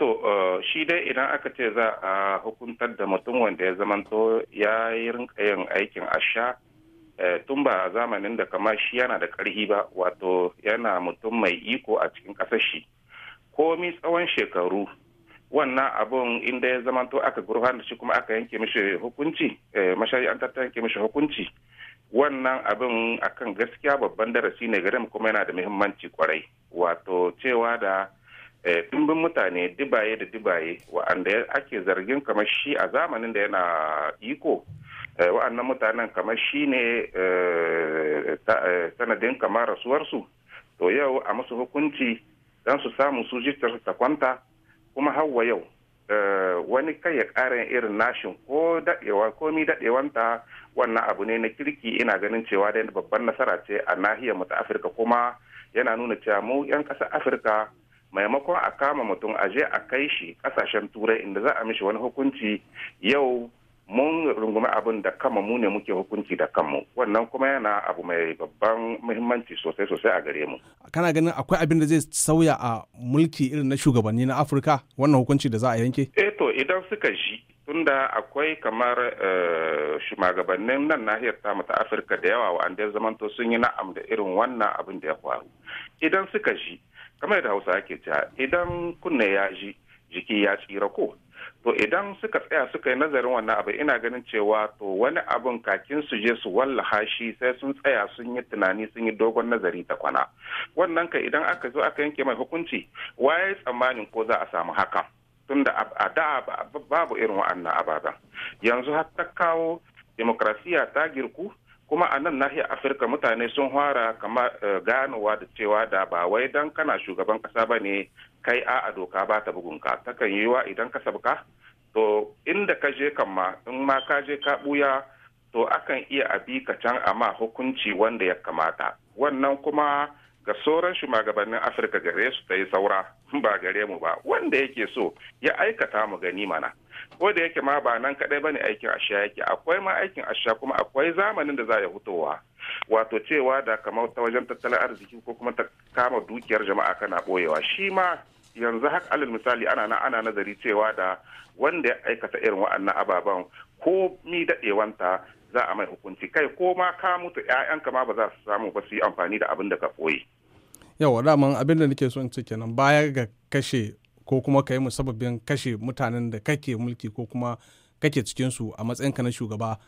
to uh, shi dai idan aka ce za a hukuntar da mutum wanda ya zamanto ya yi rinka yin aikin asha eh, tun ba zamanin da kama shi yana da ƙarhi ba wato yana mutum mai iko a cikin ƙasar shi komi tsawon shekaru wannan abun inda ya zamanto aka gurfan da shi kuma aka yanke mishi hukunci eh, mashayi an yanke mishi hukunci wannan abin akan gaskiya babban darasi ne gare mu kuma yana da muhimmanci kwarai wato cewa da Eh, ɗimbin mutane dibaye da dibaye wa'anda ake zargin kamar shi a zamanin da yana iko eh, wa'annan mutanen kamar shi ne eh, sanadin kamar rasuwarsu to yau a musu hukunci don su samu su jitar ta kwanta kuma hawa yau wani kai ya ƙara irin nashin ko daɗewa ko mi daɗewanta wannan abu ne na kirki ina ganin cewa da babban nasara ce a nahiyar mu ta afirka kuma yana nuna cewa mu 'yan ƙasar afirka maimakon a kama mutum a je a kai shi kasashen turai inda za a mishi wani hukunci yau mun rungumi abin da kama mu ne muke hukunci da kanmu wannan kuma yana abu mai babban muhimmanci sosai sosai a gare mu kana ganin akwai abin da zai sauya a mulki irin na shugabanni na afirka wannan hukunci da za a yanke eh to idan suka ji tunda akwai kamar eh, shugabannin nan nahiyar tamu ta afirka da yawa wa'anda ya zamanto sun yi na'am da irin wannan abin da ya faru idan suka ji kamar da hausa ake cewa idan kunne ya ji jiki ya tsira ko to idan suka tsaya suka yi nazarin wannan abu ina ganin cewa to wani abun kakin su je su wallaha shi sai sun tsaya sun yi tunani sun yi dogon nazari ta kwana wannan ka idan aka zo aka yanke mai hukunci waye tsammanin ko za a samu hakan tunda a da babu irin wa'annan ababen yanzu har ta kawo demokrasiya ta girku kuma a nan nahiyar afirka mutane sun fara kama eh, ganowa da cewa da ba wai dan kana shugaban kasa ba ne kai a a doka ba ta bugunka yi wa idan ka sabka to inda ka je kan ma in ma ka je ka buya to akan iya a bi ka can amma hukunci wanda ya kamata wannan kuma ga sauran shugabannin afirka gare su ta yi saura ba gare mu ba wanda yake so ya aikata mu gani mana ko da yake ma ba nan kadai bane aikin asha yake akwai ma aikin asha kuma akwai zamanin da za ya hutowa wato cewa da kamar ta wajen tattalin arziki ko kuma ta kama dukiyar jama'a kana boyewa shi ma yanzu haka alal misali ana na ana nazari cewa da wanda ya aikata irin wa'annan ababen ko mi dadewanta za a mai hukunci kai ko ma ka mutu 'ya'yanka ma ba za su samu ba su yi amfani da abin da ka koyi. yawa daman abin da nake so in ce kenan baya ga kashe ko kuma ka yi musabbabin kashe mutanen da kake mulki ko kuma kake cikinsu a matsayinka na shugaba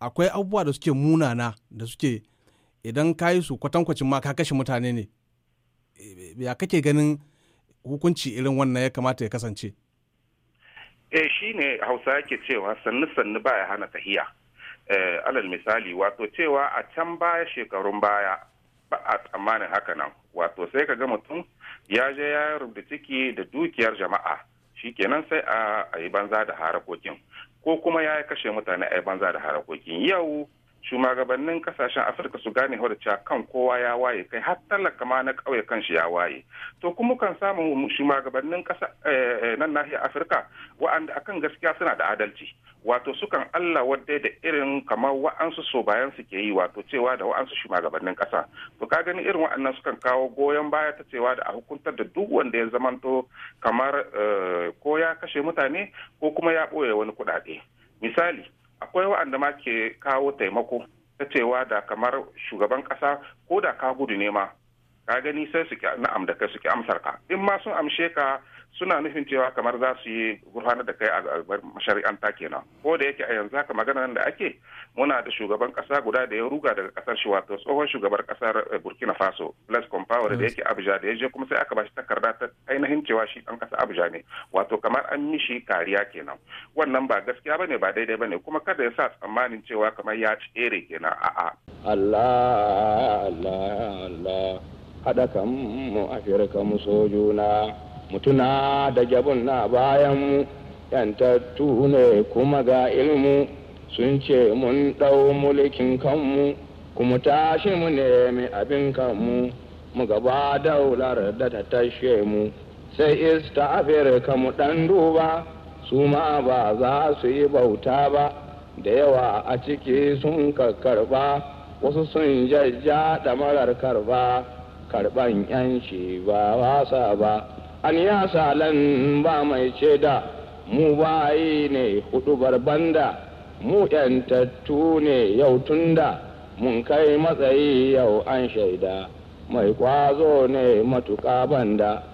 akwai abubuwa da suke munana da suke idan ka yi su kwatankwacin ma ka kashe mutane ne eh, ya kake ganin hukunci irin wannan ya kamata ya kasance eh shi ne hausa yake cewa sannu sannu baya hana tahiya eh, alal misali wato cewa a can baya shekarun baya ba a tsammanin haka nan wato sai ka ga mutum ya je ya rubuta ciki da dukiyar jama'a shikenan sai a yi banza da harakokin ko kuma ya kashe mutane a yi banza da harakokin yau shugabannin kasashen afirka su gane da cewa kan kowa ya waye kai har talaka ma na kauye kan shi ya waye to kuma kan samu shugabannin ƙasa eh, eh, nan nahiyar afirka wa'anda akan gaskiya suna da adalci wato sukan allah wadda da irin kamar wa'ansu so bayan su ke yi wato cewa da wa'ansu shugabannin ƙasa to ka gani irin wa'annan sukan kawo goyon baya ta cewa da a hukuntar da duk wanda ya zamanto kamar eh, ko ya kashe mutane ko kuma ya ɓoye wani kuɗaɗe misali akwai waɗanda ma ke kawo taimako ta cewa da kamar shugaban ƙasa ko da ka gudu ne ma ka gani sai su na'am da kai suke amsar ka in ma sun amshe ka suna nufin cewa kamar za su yi gurfanar da kai a mashari'anta kenan ko da yake a yanzu haka maganar da ake muna da shugaban kasa guda da ya ruga daga kasar shi wato tsohon shugaban kasar eh, burkina faso les compaore da yake abuja da ya je kuma sai aka bashi takarda ta ainihin cewa shi an kasa abuja ne wato kamar an yi shi kariya kenan wannan ba gaskiya bane ba daidai bane kuma kada ya sa tsammanin cewa kamar ya ci ere kenan a'a Allah Allah Allah hada kan mu afirka mu mutuna da jabun na bayan mu yantattu ne kuma ga ilmu sun ce mun ɗau mulkin kanmu kuma tashi mu nemi abin kanmu mu gaba daular da ta tashe mu sai ista afirka mu ɗan duba su ma ba za su yi bauta ba da yawa a ciki sun karɓa wasu sun jajja da marar karba karban yanci ba wasa ba an ya salan ba mai da mu bayi ne hudu barbanda mu yantattu ne yau tunda mun kai matsayi yau an shaida mai kwazo ne matuƙa banda